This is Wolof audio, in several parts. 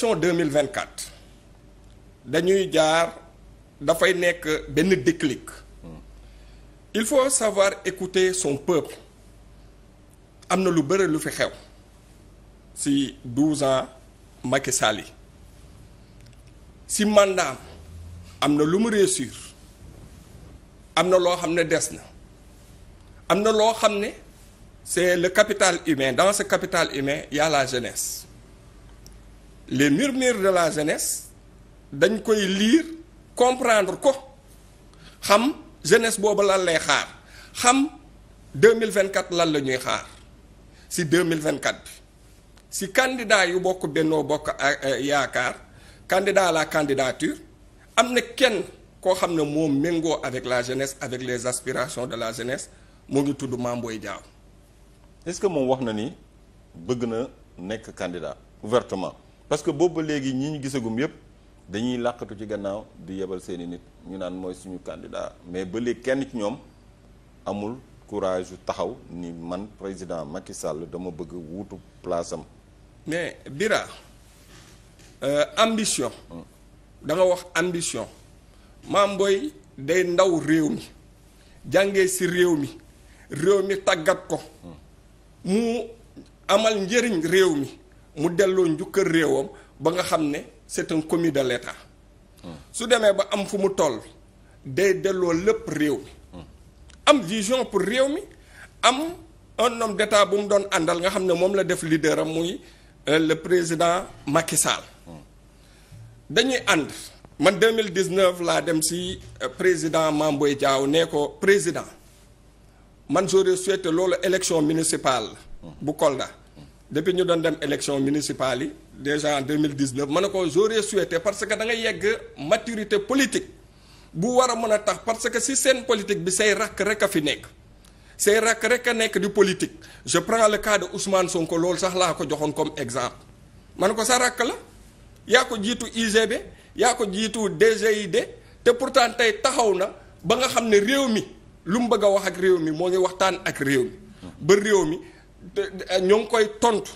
élection 2024 dañuy jaar dafay nekk benn déclic il faut savoir écouter son peuple am na lu bëri lu fi xew si 12 ans Macky Sall si mandat am na lu mu réussir am na loo xam ne des na am na loo xam ne c'est le capitale humain dans ce capitale humain il la jeunesse les murmures de la jeunesse dañ koy liir comprendre ko xam jeunesse booba lal lay xaar xam 2024 lan la ñuy xaar si 2024 bi si candidat yu bokk bennoo bokk euh, yaakaar candidat la candidature am na kenn koo xam ne moo méngoo avec la jeunesse avec les aspirations de la jeunesse moo ngi tudd Mame Boye Diao est-ce que moom wax na ni bëgg na nekk candidat ouvertement parce que boobu ba léegi ñii ñu gisagum yëpp dañuy làqatu ci gannaaw du yebal seeni nit ñu naan mooy suñu candidat mais ba kenn ci ñoom amul courage taxaw ni man président Macky Sall dama bëgg wuutu place mais Bira euh, ambition. Mm. da wax ambition. maam booy day ndaw réew mi jàngee si réew mi réew mi tàggat ko mm. mu amal njëriñ réew mi. mu delloo njukkal réewam ba nga xam ne c'est un commis de l'État su demee ba am fu mu toll day delloo lépp réew mi am vision pour réew mi am un homme d'État bu mu doon àndal nga xam ne moom la def leader am muy euh, le président Macky dañuy ànd man 2019 laa dem si euh, président Mamboy jaaw nee ko président man j'aurais souhaité loolu élection municipale bu Kolda depuis ñu doon dem élection municipale yi déjà en 2019 ma ne ko j'aurais souhaité parce que da nga yegg maturité politique bu war a mën a tax parce que si seen politique bi say rakk rek a fi nekk say rakk rek a nekk di politique je prends le cas de Ousmane Sonko loolu sax laa ko joxoon comme exemple ma ne ko sa rakk la yaa ko jiitu IGB yaa ko jiitu DGID te pourtant tey taxaw na ba nga xam ne réew mi lu mu bëgg a wax ak réew mi moo ngi waxtaan ak réew mi mi Eh, ñoo ngi koy tontu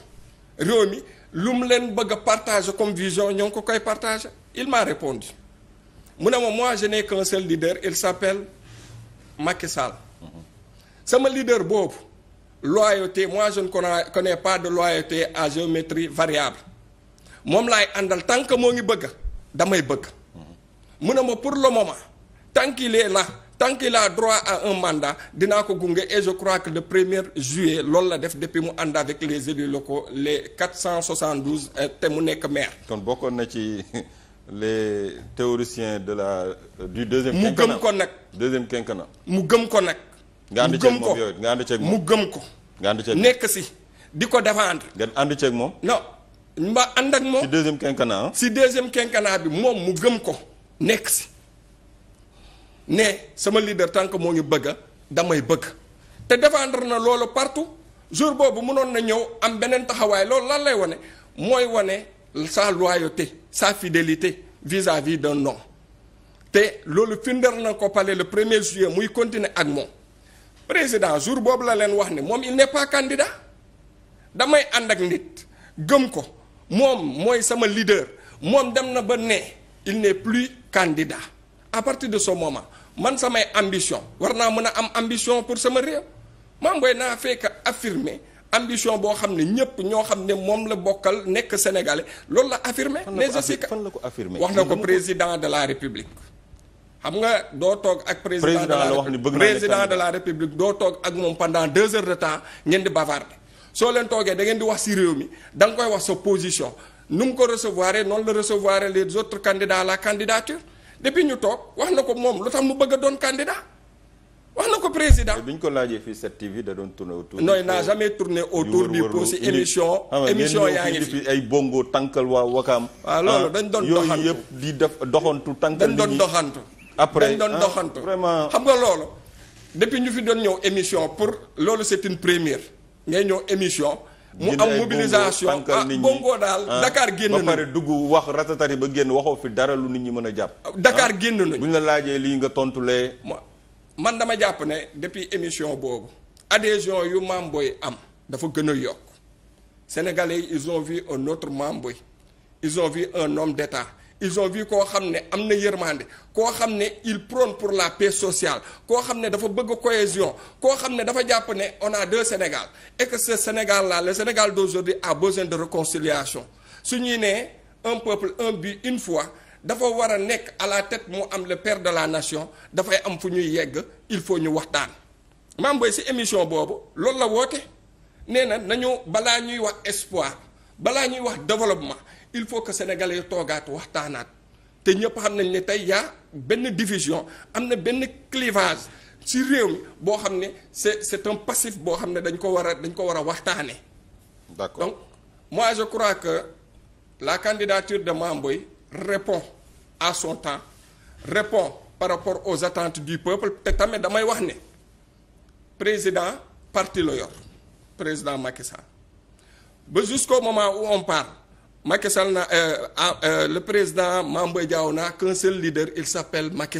réew mi lu mu leen bëgg a comme vision ñoo ngi ko koy partage il m'a répondu mu ne ma moi je n'ai qu'un seul leader il s'appelle Macky mm-hmm. sama leader boobu loyauté moi je ne connais pas de loyauté à géométrie variable moom lay àndal tant que moo ngi bëgg damay bëgg mm-hmm. mu ne ma pour le moment tant qu'il tant qu'il a à un mandat dinaa ko gunge et je crois que le premier juillet loolu la def depuis mu ànd avec les élus locaux les 472 euh, te mu nekk maire. kon bokkoon na ci les théoriciens de la du deuxième. mu gëm ko nag deuxième quinquennat mu gëm ko nag. nga ànd ceeg moom yooyu nga ànd mu gëm ko. nga ànd nekk si di ko défendre. nga ànd moom. non mba ànd ak moom. si deuxième quinquennat si deuxième quinquennat bi moom mu gëm ko nekk si. ne sama leader tànk moo ngi bëgg damay bëgg te défendre na loolu partout jour boobu mënoon na ñëw am beneen taxawaay loolu lan lay wane mooy wane saa loyauté sa fidélité vis-à-vis d'un homme te loolu firndeel na ko pale le premier juillet muy continuer ak moom président jour boobu la leen wax ne moom il n'est pas candidat damay ànd ak nit gëm ko moom mooy sama leader moom dem na ba ne il n'est plus candidat à partir de ce moment man samay ambition war naa mën a am ambition pour sama réew Mame Boye naa fekk affirmer ambition boo xam ne ñëpp ñoo xam ne moom la bokkal nekk sénégalais loolu la affirmer mais aussi fan ko affirmer wax na ko président de la république xam nga doo toog ak président de la république président de la république doo toog ak moom pendant deux heures de temps ngeen di bavarder soo leen toogee da ngeen di wax si réew mi danga koy wax sa position nu mu ko recevoir noonu la recevoir les autres candidats à la candidature depuis ñu toog wax na ko moom lu tax mu bëgg a doon candidat wax na ko président. bi ñu ko laajee fii cette TV da doon tourner autour. non il n'a jamais tourné autour du pot si émission. Ah émission yaa ngi fi ay bongo tànkal waa Wakaam. waaw ah, loolu dañ doon doxantu yooyu yëpp di def doxantu tànkal. dañ doon doxantu. après dañ doon ah, doxantu vraiment. xam nga loolu depuis ñu fi doon ñëw émission pour loolu c'est une première ngay ñëw émission. mu am mobilisation ah bongo daal ah. Dakar génn na ba pare dugg wax ratatari ba génn waxoo fi dara lu nit ñi mën a jàpp ah, dakaar ah. génn nañu bu ñu la laajee lii nga tontulee man dama jàpp ne depuis émission boobu adhésion yu maam booy am dafa gën a yokk sénégalais ils ont vu un autre Mame Boye ils ont vu un homme d'État ils ont vu koo xam ne am na yërmande koo xam ne il prône pour la paix sociale koo xam ne dafa bëgg cohésion koo xam ne dafa jàpp ne on de Sénégal et que Sénégal là le Sénégal d'aujourd'hui a besoin de réconciliation su ñuy nee un peuple un bi une foi dafa war a nekk à la tête mu am le père de la nation dafay am fu ñuy yegg il faut ñu waxtaan. maam Boye si émission boobu loolu la woote nee na nañu balaa ñuy wax espoir balaa ñuy wax développement. il faut que sénégalais yi toogaat waxtaanaat te ñëpp xam nañ ne tey yaa benn division am na benn clivage ci réew mi boo xam ne c'est c'est un passif boo xam ne dañ ko war a dañ ko war a waxtaanee. d'accord donc moi je crois que la candidature de Mame Boye répond à son temps répond par rapport aux attentes du peuple te tamit damay wax ne président partie la yor président Macky Sall ba jusqu'au moment on parle. Macky Sall na euh, ah, euh, le président Mame Boye Diao n'a qu'un seul leader il s'appelle Macky